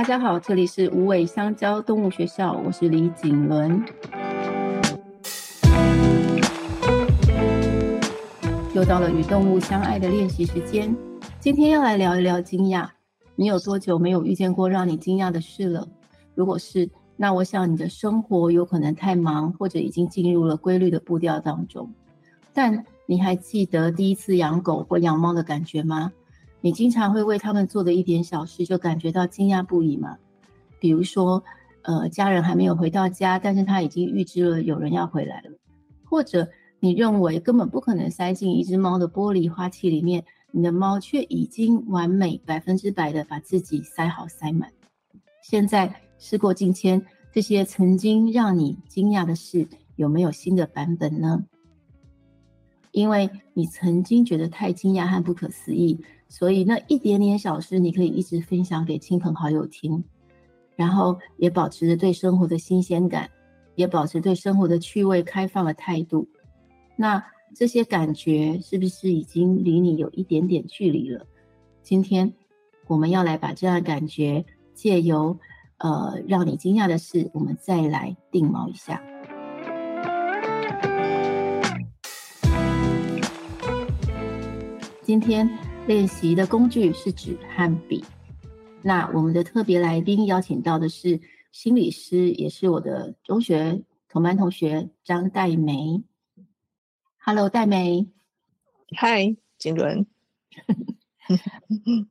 大家好，這裡是無尾香蕉動物學校，我是李瑾倫。又到了與動物相愛的練習時間，今天要來聊一聊驚訝。你有多久沒有遇見過讓你驚訝的事了？如果是，那我想你的生活有可能太忙，或者已經進入了規律的步調當中。但你還記得第一次養狗或養貓的感覺嗎？你經常會為他們做的一點小事就感覺到驚訝不已嗎？比如說，呃，家人還沒有回到家，但是他已經預知了有人要回來了，或者你認為根本不可能塞進一隻貓的玻璃花器裡面，你的貓卻已經完美百分之百的把自己塞好塞滿。現在事過境遷，這些曾經讓你驚訝的事有沒有新的版本呢？因為你曾經覺得太驚訝和不可思議。所以那一點點小事，你可以一直分享給親朋好友聽，然後也保持着對生活的新鮮感，也保持對生活的趣味、開放的態度。那這些感覺是不是已經離你有一點點距離了？今天我們要來把這樣的感覺，借由呃，讓你驚訝的事，我們再來定錨一下。今天。練習的工具是紙和筆。那我們的特別來賓邀請到的是心理師，也是我的中學同班同學張黛眉。Hello，黛眉。Hi，瑾倫。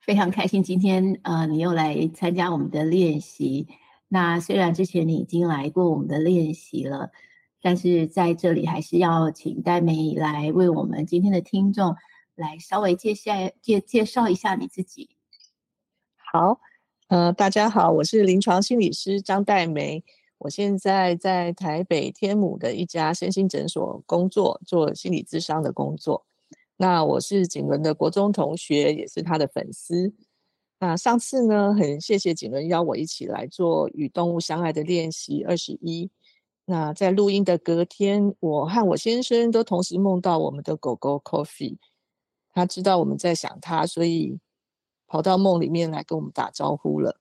非常開心今天呃你又來參加我們的練習。那雖然之前你已經來過我們的練習了，但是在這裡還是要請黛眉來為我們今天的聽眾來稍微介下介介紹一下你自己。好，呃，大家好，我是臨床心理師張黛眉，我現在在台北天母的一家身心診所工作，做心理諮商的工作。那我是瑾倫的國中同學，也是他的粉絲。那上次呢，很謝謝瑾倫邀我一起來做與動物相愛的練習二十一。那在錄音的隔天，我和我先生都同時夢到我們的狗狗 Coffee。他知道我們在想他，所以跑到夢裡面來跟我們打招呼了。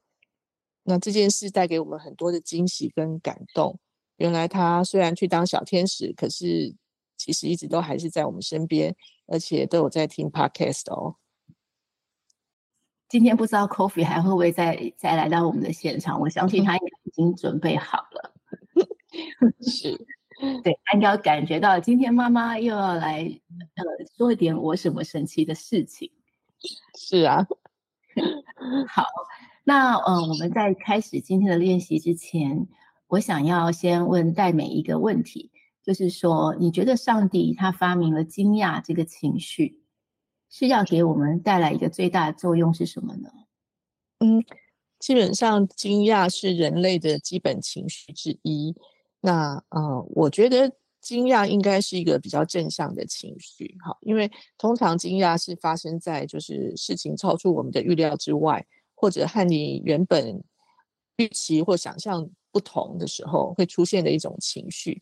那這件事帶給我們很多的驚喜跟感動。原來他雖然去當小天使，可是其實一直都還是在我們身邊，而且都有在聽 podcast 哦。今天不知道 Coffee 還會不會再再來到我們的現場？我相信他也已經準備好了。 是。對，應該感覺到今天媽媽又要來，呃，說一點我什麼神奇的事情。是啊， 好，那呃，我們在開始今天的練習之前，我想要先問戴美一個問題，就是說，你覺得上帝他發明了驚訝這個情緒，是要給我們帶來一個最大的作用是什麼呢？嗯，基本上，驚訝是人類的基本情緒之一。那呃，我覺得驚訝應該是一個比較正向的情緒，哈，因為通常驚訝是發生在就是事情超出我們的預料之外，或者和你原本預期或想象不同的時候會出現的一種情緒。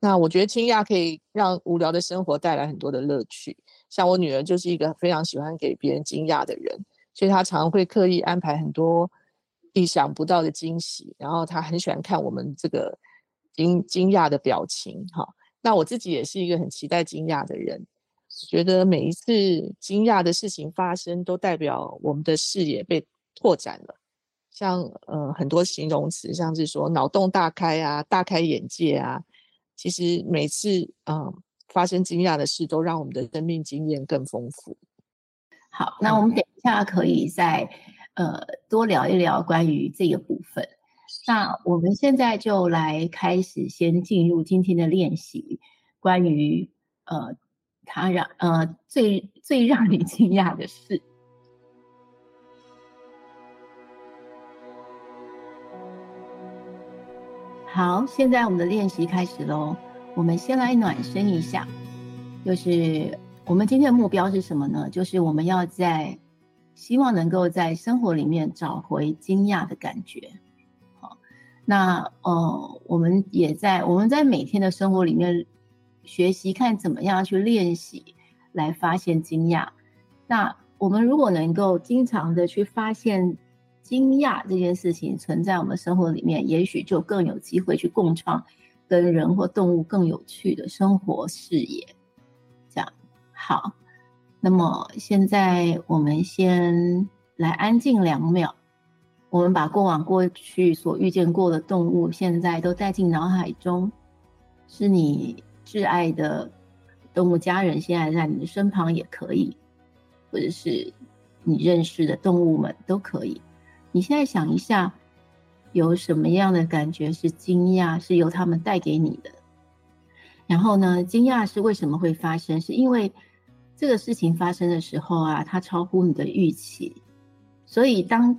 那我覺得驚訝可以讓無聊的生活帶來很多的樂趣。像我女兒就是一個非常喜歡給別人驚訝的人，所以她常會刻意安排很多意想不到的驚喜，然後她很喜歡看我們這個。驚驚訝的表情，哈，那我自己也是一個很期待驚訝的人，覺得每一次驚訝的事情發生，都代表我們的視野被拓展了。像呃很多形容詞，像是說腦洞大開啊、大開眼界啊，其實每次嗯、呃、發生驚訝的事，都讓我們的生命經驗更豐富。好，那我們等一下可以再呃多聊一聊關於這個部分。那我們現在就來開始，先進入今天的練習。關於呃，他讓呃最最讓你驚訝的事。好，現在我們的練習開始嘍。我們先來暖身一下，就是我們今天的目標是什麼呢？就是我們要在希望能夠在生活裡面找回驚訝的感覺。那呃，我們也在我們在每天的生活裡面學習，看怎麼樣去練習來發現驚訝。那我們如果能夠經常的去發現驚訝這件事情存在我們生活裡面，也許就更有機會去共創跟人或動物更有趣的生活視野。這樣。好，那麼現在我們先來安靜兩秒。我們把過往過去所遇見過的動物，現在都帶進腦海中，是你摯愛的動物家人，現在在你的身旁也可以，或者是你認識的動物們都可以。你現在想一下，有什麼樣的感覺是驚訝，是由他們帶給你的？然後呢，驚訝是為什麼會發生？是因為這個事情發生的時候啊，它超乎你的預期，所以當。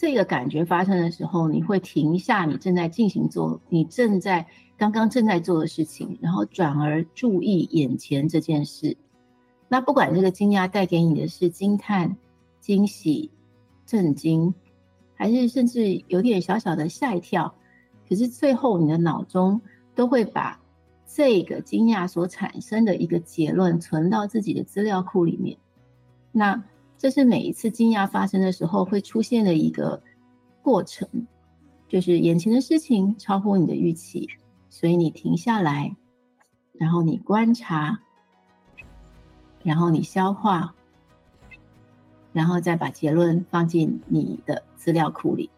這個感覺發生的時候，你會停下你正在進行做你正在剛剛正在做的事情，然後轉而注意眼前這件事。那不管這個驚訝帶給你的是驚嘆、驚喜、震驚，還是甚至有點小小的嚇一跳，可是最後你的腦中都會把這個驚訝所產生的一個結論存到自己的資料庫裡面。那，這是每一次驚訝發生的時候會出現的一個過程，就是眼前的事情超乎你的預期，所以你停下來，然後你觀察，然後你消化，然後再把結論放進你的資料庫裡。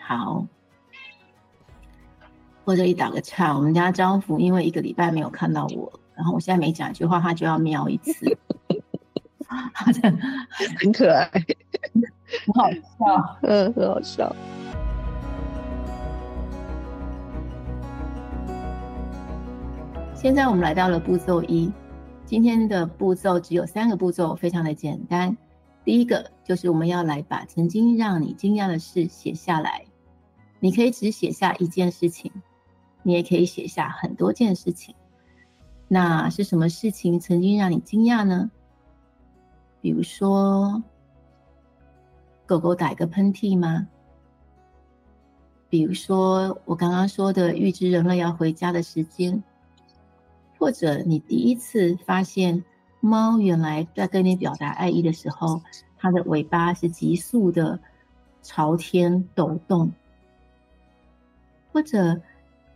好，或者你打個岔，我們家張福因為一個禮拜沒有看到我，然後我現在每講一句話，他就要瞄一次。好的， 很可愛， 很好笑， 很好笑。現在我們來到了步驟一，今天的步驟只有三個步驟，非常的簡單。第一個就是我們要來把曾經讓你驚訝的事寫下來，你可以只寫下一件事情，你也可以寫下很多件事情。那是什麼事情曾經讓你驚訝呢？比如說，狗狗打一個噴嚏嗎？比如說，我剛剛說的預知人類要回家的時間，或者你第一次發現貓原來在跟你表達愛意的時候，它的尾巴是急速的朝天抖動，或者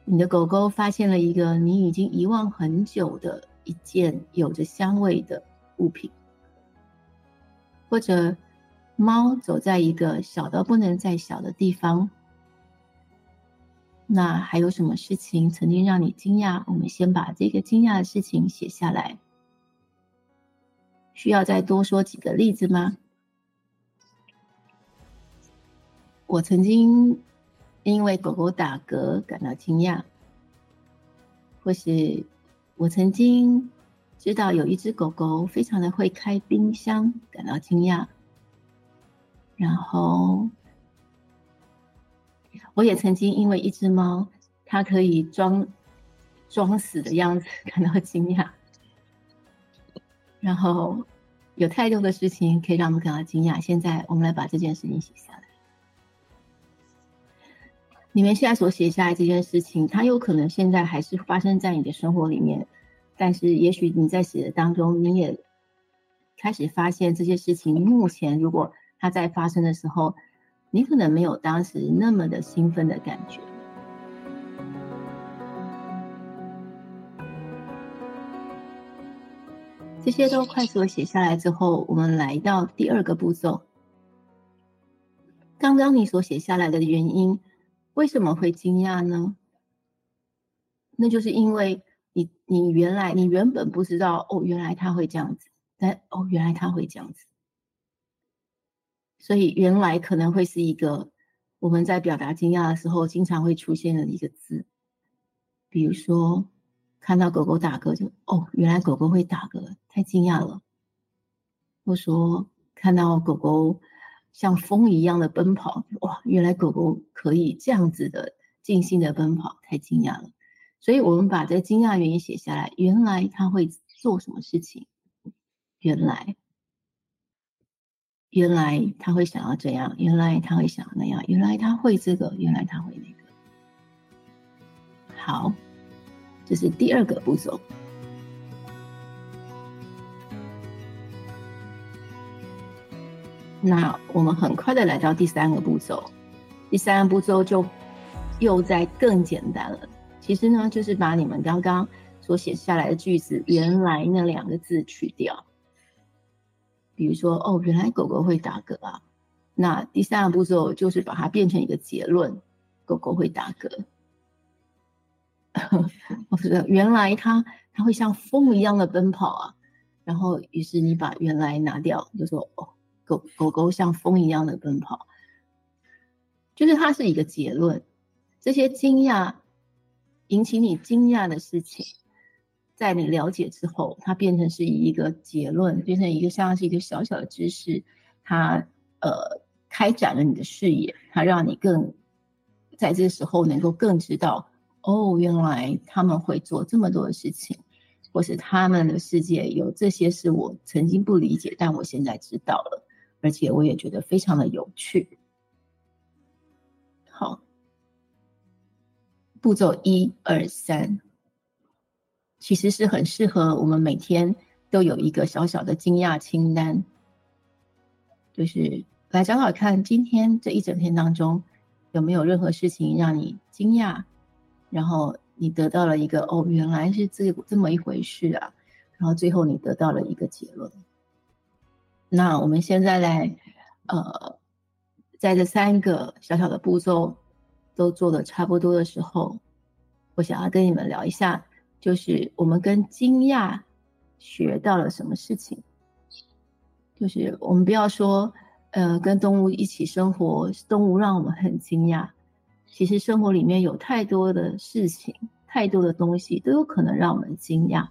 你的狗狗發現了一個你已經遺忘很久的一件有着香味的物品。或者，貓走在一個小到不能再小的地方。那還有什麼事情曾經讓你驚訝？我們先把這個驚訝的事情寫下來。需要再多說幾個例子嗎？我曾經因為狗狗打嗝感到驚訝，或是我曾經。知道有一只狗狗非常的會開冰箱，感到驚訝。然後，我也曾經因為一只貓，它可以裝裝死的樣子感到驚訝。然後，有太多的事情可以讓我們感到驚訝。現在，我們來把這件事情寫下來。你們現在所寫下來這件事情，它有可能現在還是發生在你的生活裡面。但是，也許你在寫的當中，你也開始發現這些事情。目前，如果它在發生的時候，你可能沒有當時那麼的興奮的感覺。這些都快速的寫下來之後，我們來到第二個步驟。剛剛你所寫下來的原因，為什麼會驚訝呢？那就是因為。你原來你原本不知道哦，原來他會這樣子，但哦，原來他會這樣子，所以「原來」可能會是一個我們在表達驚訝的時候經常會出現的一個字，比如說看到狗狗打嗝就哦，原來狗狗會打嗝，太驚訝了；或說看到狗狗像風一樣的奔跑，哇，原來狗狗可以這樣子的盡興的奔跑，太驚訝了。所以我們把這驚訝的原因寫下來，原來他會做什麼事情？原來，原來他會想要這樣，原來他會想要那樣，原來他會這個，原來他會那個。好，這是第二個步驟。那我們很快的來到第三個步驟，第三個步驟就又再更簡單了。其實呢，就是把你們剛剛所寫下來的句子，原來那兩個字去掉。比如說，哦，原來狗狗會打嗝啊。那第三個步驟就是把它變成一個結論：狗狗會打嗝。哦， 原來它它會像風一樣的奔跑啊。然後，於是你把原來拿掉，就說哦，狗狗狗像風一樣的奔跑，就是它是一個結論。這些驚訝。引起你驚訝的事情，在你了解之後，它變成是一個結論，變成一個像是一個小小的知識，它呃，開展了你的視野，它讓你更在這時候能夠更知道，哦，原來他們會做這麼多的事情，或是他們的世界有這些事，我曾經不理解，但我現在知道了，而且我也覺得非常的有趣。好。步驟一二三，其實是很適合我們每天都有一個小小的驚訝清單，就是來找找看，今天這一整天當中有沒有任何事情讓你驚訝，然後你得到了一個哦，原來是這這麼一回事啊，然後最後你得到了一個結論。那我們現在來，呃，在這三個小小的步驟。都做的差不多的時候，我想要跟你們聊一下，就是我們跟驚訝學到了什麼事情。就是我們不要說，呃，跟動物一起生活，動物讓我們很驚訝。其實生活裡面有太多的事情，太多的東西都有可能讓我們驚訝。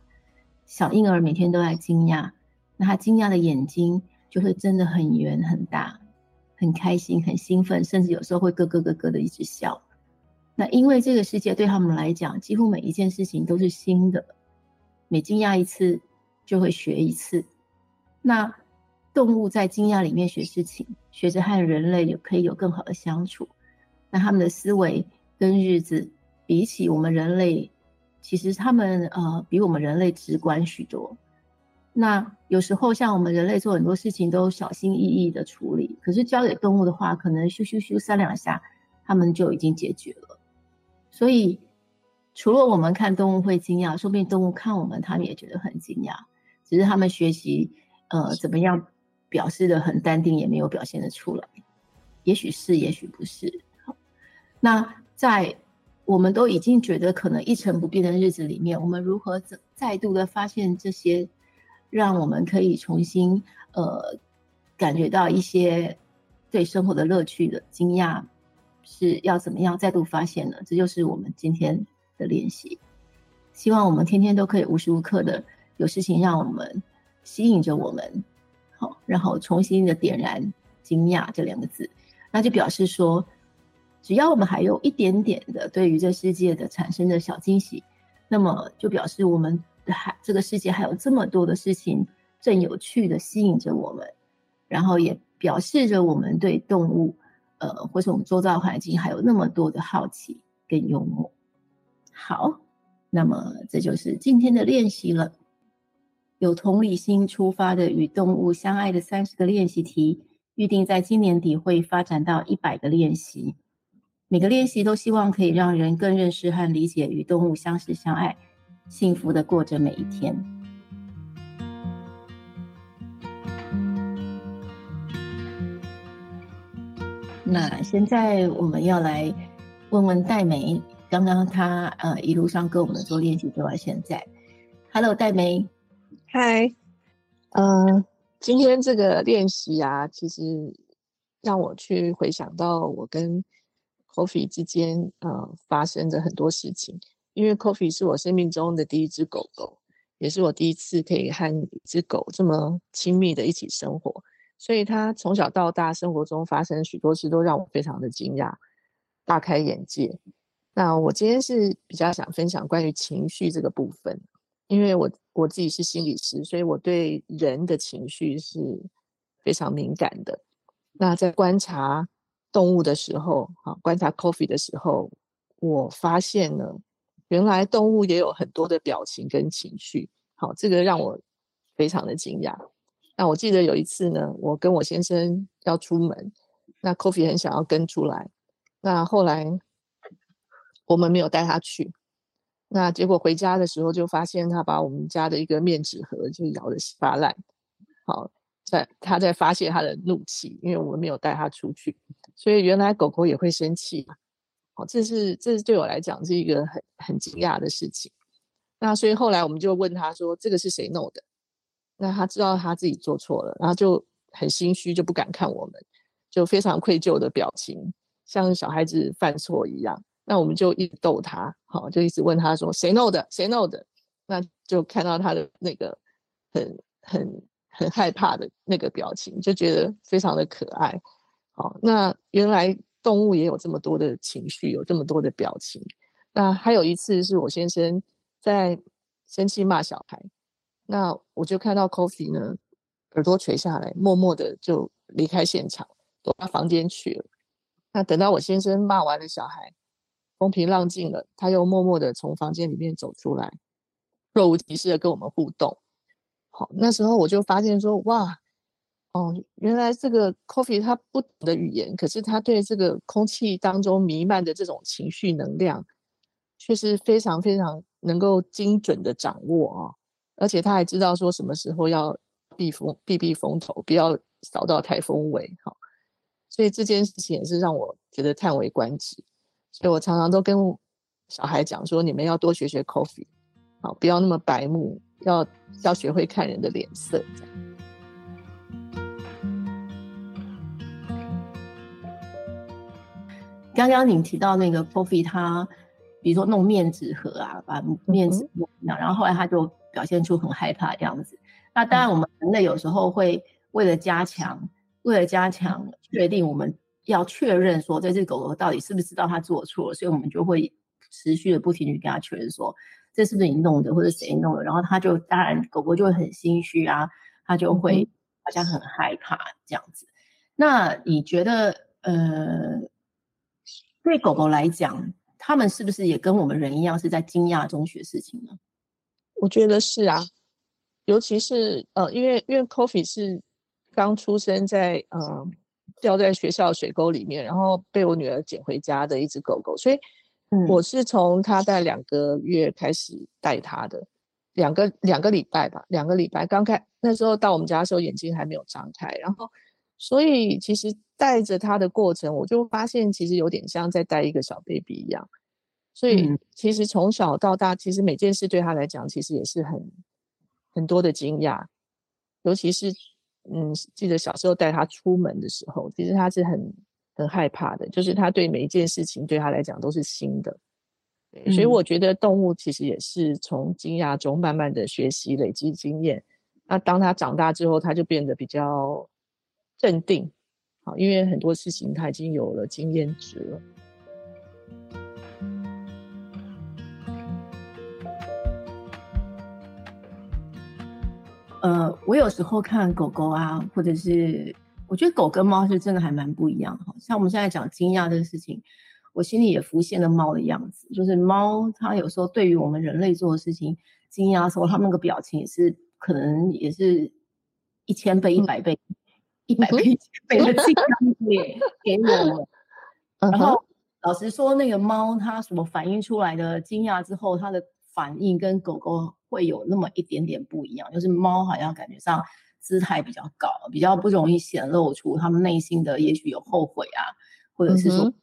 小嬰兒每天都在驚訝，那他驚訝的眼睛就會真的很圓很大。很開心，很興奮，甚至有時候會咯咯咯咯的一直笑。那因為這個世界對他們來講，幾乎每一件事情都是新的，每驚訝一次就會學一次。那動物在驚訝裡面學事情，學着和人類有可以有更好的相處。那他們的思維跟日子比起我們人類，其實他們呃比我們人類直觀許多。那有時候像我們人類做很多事情都小心翼翼的處理，可是交給動物的話，可能咻咻咻三兩下，他們就已經解決了。所以除了我們看動物會驚訝，說不定動物看我們，他們也覺得很驚訝。只是他們學習，呃，怎麼樣表示得很淡定，是也沒有表現得出來。也許是，也許不是。那在我們都已經覺得可能一成不變的日子裡面，我們如何再再度的發現這些？讓我們可以重新呃感覺到一些對生活的樂趣的驚訝，是要怎麼樣再度發現呢？這就是我們今天的練習。希望我們天天都可以無時無刻的有事情讓我們吸引着我們，好、哦，然後重新的點燃“驚訝”這兩個字，那就表示說，只要我們還有一點點的對於這世界的產生的小驚喜，那麼就表示我們。還這個世界還有這麼多的事情正有趣的吸引着我們，然後也表示着我們對動物，呃，或是我們周遭環境還有那麼多的好奇跟幽默。好，那麼這就是今天的練習了。有同理心出發的與動物相愛的三十個練習題，預定在今年底會發展到一百個練習。每個練習都希望可以讓人更認識和理解與動物相識相愛，幸福的過着每一天。那現在我們要來問問戴梅，剛剛她呃一路上跟我們做練習就到現在，Hello，戴梅，嗨 Hi，呃，今天這個練習啊，其實讓我去回想到我跟 Coffee 之間呃發生的很多事情。因為 Coffee 是我生命中的第一隻狗狗，也是我第一次可以和一隻狗這麼親密的一起生活，所以它從小到大生活中發生了許多事都讓我非常的驚訝、大開眼界。那我今天是比較想分享關於情緒這個部分，因為我我自己是心理師，所以我對人的情緒是非常敏感的。那在觀察動物的時候，啊，觀察 Coffee 的時候，我發現了。原來動物也有很多的表情跟情緒，好，這個讓我非常的驚訝。那我記得有一次呢，我跟我先生要出門，那 Kofi 很想要跟出來，那後來我們沒有帶他去，那結果回家的時候就發現他把我們家的一個面紙盒就咬得稀巴爛，好，在他在發泄他的怒氣，因為我們沒有帶他出去，所以原來狗狗也會生氣。哦，這是這是對我來講是一個很很驚訝的事情。那所以後來我們就問他說：“這個是誰弄的？”那他知道他自己做錯了，然後就很心虛，就不敢看我們，就非常愧疚的表情，像小孩子犯錯一樣。那我們就一直逗他，好、哦，就一直問他說：“誰弄的？誰弄的？”那就看到他的那個很很很害怕的那個表情，就覺得非常的可愛。好、哦，那原來。動物也有這麼多的情緒，有這麼多的表情。那還有一次是我先生在生氣罵小孩，那我就看到 Coffee 呢，耳朵垂下來，默默地就離開現場，躲到房間去了。那等到我先生罵完了小孩，風平浪靜了，他又默默地從房間裡面走出來，若無其事地跟我們互動。好，那時候我就發現說，哇。哦，原來這個 coffee 它不懂的語言，可是它對這個空氣當中瀰漫的這種情緒能量，卻是非常非常能夠精準的掌握啊、哦！而且它還知道說什麼時候要避風避避風頭，不要掃到台風尾，哈、哦，所以這件事情也是讓我覺得嘆為觀止。所以我常常都跟小孩講說，你們要多學學 coffee，好、哦，不要那麼白目，要要學會看人的臉色。剛剛你提到那個 Coffee，他比如說弄面紙盒啊，把面紙弄掉，嗯嗯，然後後來他就表現出很害怕的樣子。那當然，我們人類有時候會為了加強，嗯、為了加強確定，我們要確認說這隻狗狗到底是不是知道它做錯了，所以我們就會持續的不停去跟他確認說，這是不是你弄的，或者誰弄的？然後它就當然狗狗就會很心虛啊，它就會好像很害怕這樣子。嗯、那你覺得呃？對狗狗來講，他們是不是也跟我們人一樣是在驚訝中學事情呢？我覺得是啊，尤其是呃，因為因為 Coffee 是剛出生在呃掉在學校的水溝裡面，然後被我女兒撿回家的一只狗狗，所以我是從它在兩個月開始帶它的，嗯、兩個兩個禮拜吧，兩個禮拜剛開那時候到我們家的時候眼睛還沒有張開，然後所以其實。帶着他的過程，我就發現其實有點像在帶一個小 baby 一樣，所以其實從小到大，嗯、其實每件事對他來講，其實也是很很多的驚訝，尤其是嗯，記得小時候帶他出門的時候，其實他是很很害怕的，就是他對每一件事情對他來講都是新的，對嗯、所以我覺得動物其實也是從驚訝中慢慢的學習累積經驗，那當他長大之後，他就變得比較鎮定。因為很多事情它已經有了經驗值了。呃，我有時候看狗狗啊，或者是我覺得狗跟貓是真的還蠻不一樣的。像我們現在講驚訝這個事情，我心裡也浮現了貓的樣子。就是貓，它有時候對於我們人類做的事情驚訝的時候，它那個表情也是可能也是一千倍、一百倍。嗯一百倍， 倍的驚訝 給我然後、uh huh. 老實說，那個貓它什麼反應出來的驚訝之後，它的反應跟狗狗會有那麼一點點不一樣。就是貓好像感覺上姿態比較高，比較不容易顯露出他們內心的，也許有後悔啊，或者是說什麼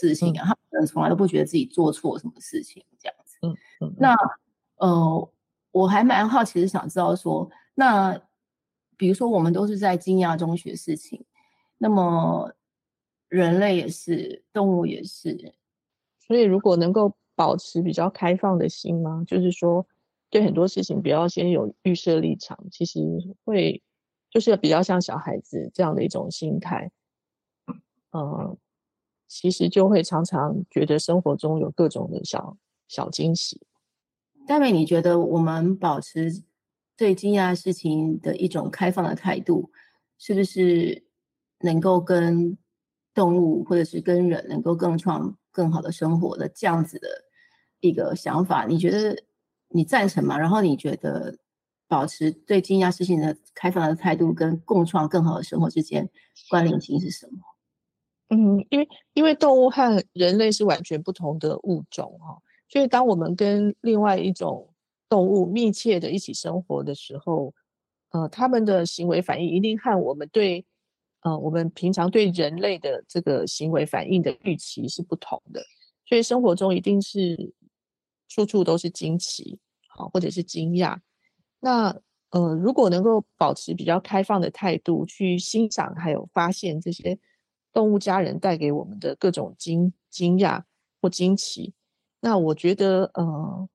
事情啊，他、uh huh. 們從來都不覺得自己做錯什麼事情這樣子。嗯、uh huh. 那呃，我還蠻好奇，的想知道說那。比如說，我們都是在驚訝中學的事情，那麼人類也是，動物也是，所以如果能夠保持比較開放的心嗎、啊？就是說，對很多事情不要先有預設立場，其實會就是比較像小孩子這樣的一種心態，嗯，其實就會常常覺得生活中有各種的小小驚喜。大美，你覺得我們保持？對驚訝事情的一種開放的態度，是不是能夠跟動物或者是跟人能夠共創更好的生活的這樣子的一個想法？你覺得你贊成嗎？然後你覺得保持對驚訝事情的開放的態度跟共創更好的生活之間關聯性是什麼？嗯，因為因為動物和人類是完全不同的物種哈、哦，所以當我們跟另外一種。動物密切的一起生活的時候，呃，他們的行為反應一定和我們對，呃，我們平常對人類的這個行為反應的預期是不同的，所以生活中一定是處處都是驚奇，好、啊，或者是驚訝。那，呃，如果能夠保持比較開放的態度去欣賞，還有發現這些動物家人帶給我們的各種驚驚訝或驚奇，那我覺得，呃。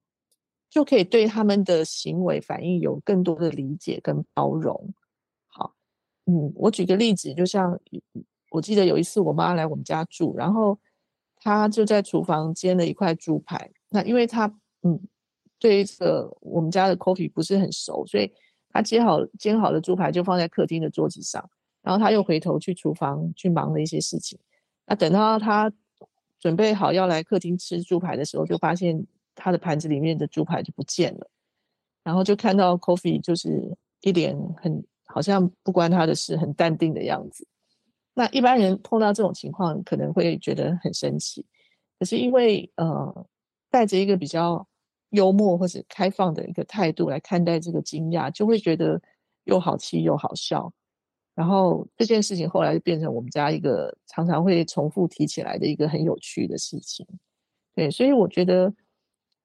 就可以對他們的行為反應有更多的理解跟包容。好，嗯，我舉個例子，就像我記得有一次我媽來我們家住，然後她就在廚房煎了一塊豬排。那因為她嗯，對這個我們家的 coffee 不是很熟，所以她煎好煎好的豬排就放在客廳的桌子上，然後她又回頭去廚房去忙了一些事情。那等到她準備好要來客廳吃豬排的時候，就發現。他的盤子裡面的豬排就不見了，然後就看到 Coffee 就是一臉很，好像不關他的事，很淡定的樣子。那一般人碰到這種情況可能會覺得很生氣，可是因為呃帶着一個比較幽默或者開放的一個態度來看待這個驚訝，就會覺得又好氣又好笑。然後這件事情後來就變成我們家一個常常會重複提起來的一個很有趣的事情。對，所以我覺得。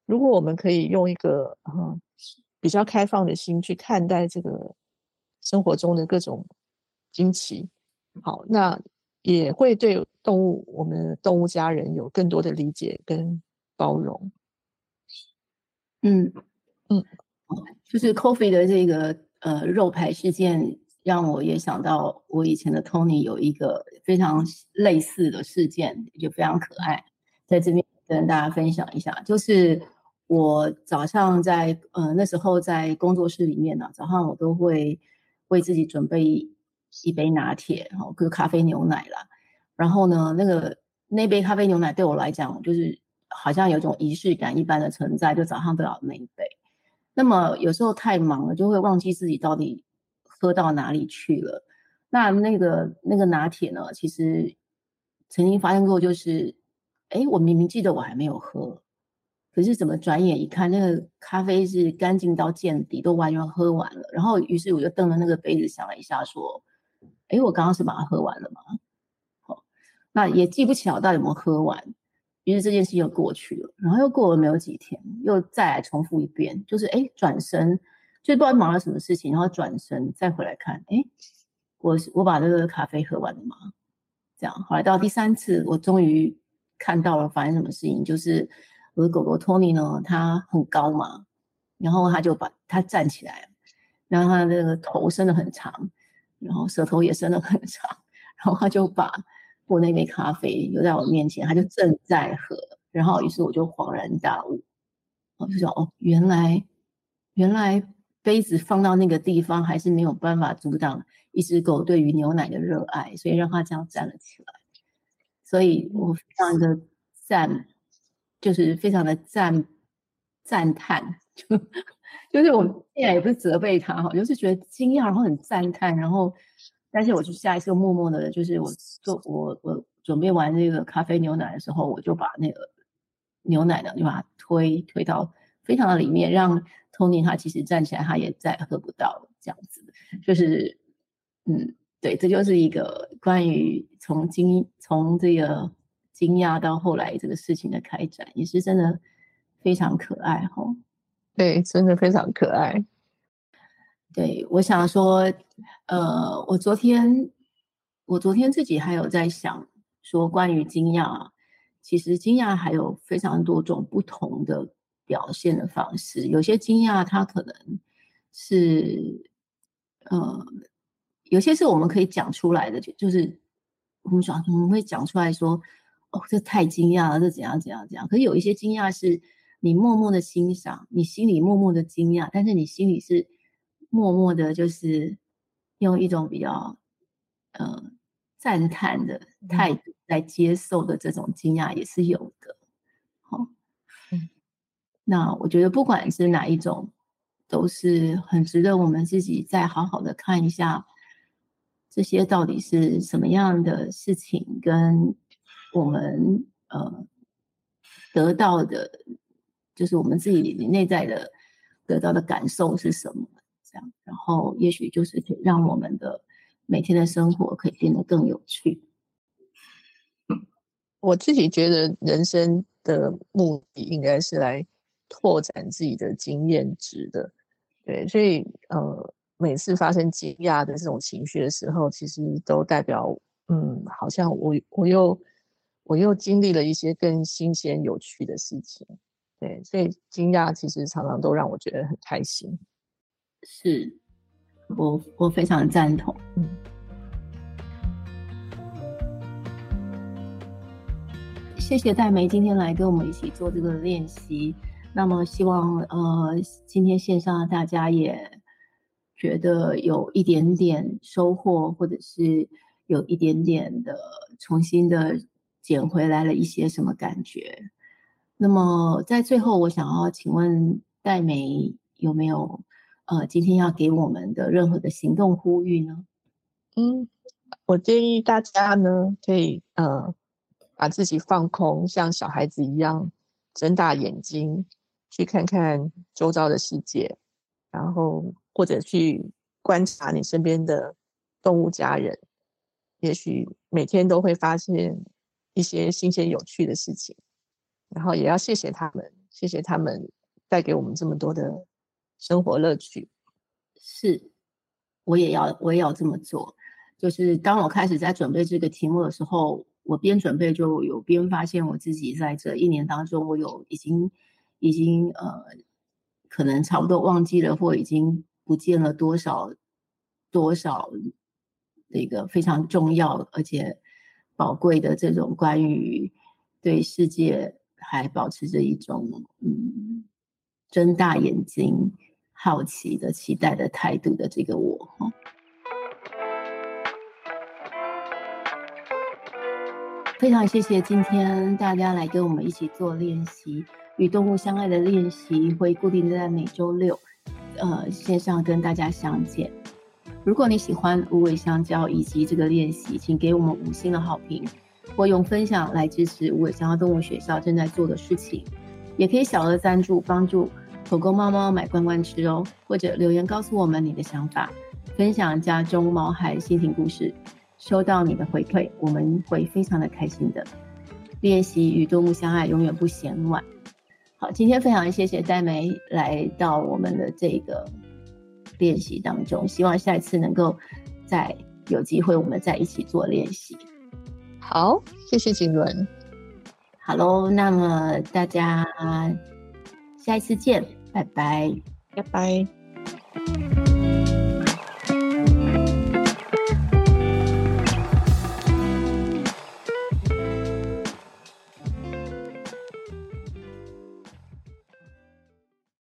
如果我們可以用一個嗯比較開放的心去看待這個生活中的各種驚奇，好，那也會對動物，我們動物家人有更多的理解跟包容。嗯嗯，嗯，就是 Coffee 的這個呃肉排事件，讓我也想到我以前的 Tony 有一個非常類似的事件，也就非常可愛，在這邊跟大家分享一下，就是。我早上在呃那時候在工作室裡面呢、啊，早上我都會為自己準備一杯拿鐵，哈、哦，喝咖啡牛奶啦。然後呢，那個那杯咖啡牛奶對我來講就是好像有一種儀式感一般的存在，就早上都要那一杯。那麼有時候太忙了，就會忘記自己到底喝到哪裡去了。那那個那個拿鐵呢，其實曾經發生過，就是哎，我明明記得我還沒有喝。可是怎麼轉眼一看，那個咖啡是乾淨到見底，都完全喝完了。然後，於是我就瞪著那個杯子，想了一下，說：“哎，我剛剛是把它喝完了嗎？”好、哦，那也記不起來我到底有沒有喝完。於是這件事情又過去了。然後又過了沒有幾天，又再來重複一遍，就是哎轉身，就不知道忙了什麼事情，然後轉身再回來看，哎，我我把那個咖啡喝完了嗎？這樣，後來到第三次，我終於看到了發生什麼事情，就是。我的狗狗托尼呢？它很高嘛，然後它就把它站起來，然後它的那個頭伸得很長，然後舌頭也伸得很長，然後它就把我那杯咖啡留在我面前，它就正在喝。然後，於是我就恍然大悟，我就說：“哦，原來，原來杯子放到那個地方還是沒有辦法阻擋一只狗對於牛奶的熱愛，所以讓它這樣站了起來。”所以我非常讚，我一個站。就是非常的讚讚嘆，就是我進來也不是責備他哈，就是覺得驚訝，然後很讚嘆，然後但是我就下一次默默的，就是我做我我準備完那個咖啡牛奶的時候，我就把那個牛奶呢就把它推推到非常的裡面，讓 Tony 他其實站起來他也再喝不到這樣子，就是嗯對，這就是一個關於從經從這個，驚訝到後來這個事情的開展也是真的非常可愛哈，對，真的非常可愛。對，我想說，呃，我昨天我昨天自己還有在想說關於驚訝，其實驚訝還有非常多種不同的表現的方式，有些驚訝它可能是呃，有些是我們可以講出來的，就就是我們想我們會講出來說。哦，這太驚訝了！這怎樣怎樣怎樣？可是有一些驚訝是，你默默的欣賞，你心裡默默的驚訝，但是你心裡是默默的，就是用一種比較，呃，讚嘆的態度來接受的這種驚訝也是有的。好，嗯，哦，那我覺得不管是哪一種，都是很值得我們自己再好好的看一下，這些到底是什麼樣的事情跟。我們呃得到的，就是我們自己內在的得到的感受是什麼？這樣，然後也許就是可以讓我們的每天的生活可以變得更有趣。我自己覺得人生的目的應該是來拓展自己的經驗值的，對，所以呃每次發生驚訝的這種情緒的時候，其實都代表，嗯，好像我我又。我又經歷了一些更新鮮、有趣的事情，對，所以驚訝其實常常都讓我覺得很開心。是，我我非常贊同。嗯，謝謝戴梅今天來跟我們一起做這個練習。那麼希望呃今天線上的大家也覺得有一點點收穫，或者是有一點點的重新的。撿回來了一些什麼感覺？那麼在最後，我想要請問戴梅有沒有呃今天要給我們的任何的行動呼籲呢？嗯，我建議大家呢可以呃把自己放空，像小孩子一樣睜大眼睛去看看周遭的世界，然後或者去觀察你身邊的動物家人，也許每天都會發現。一些新鮮有趣的事情，然後也要謝謝他們，謝謝他們帶給我們這麼多的生活樂趣。是，我也要，我也要這麼做。就是當我開始在準備這個題目的時候，我邊準備就有邊發現我自己在這一年當中，我有已經已經呃，可能差不多忘記了，或已經不見了多少多少那個非常重要，而且寶貴的這種關於對世界還保持着一種嗯，睜大眼睛好奇的期待的態度的這個。我非常謝謝今天大家來跟我們一起做練習。與動物相愛的練習會固定在每周六，呃線上跟大家相見。如果你喜歡無尾香蕉以及這個練習，請給我們五星的好評，或用分享來支持無尾香蕉動物學校正在做的事情，也可以小額贊助幫助狗狗貓貓買罐罐吃哦，或者留言告訴我們你的想法，分享家中毛孩心情故事，收到你的回饋，我們會非常的開心的。練習與動物相愛，永遠不嫌晚。好，今天非常謝謝戴梅來到我們的這個。練習當中，希望下一次能夠再有機會，我們再一起做練習。好，謝謝瑾倫。Hello，那麼大家下一次見，拜拜，拜拜。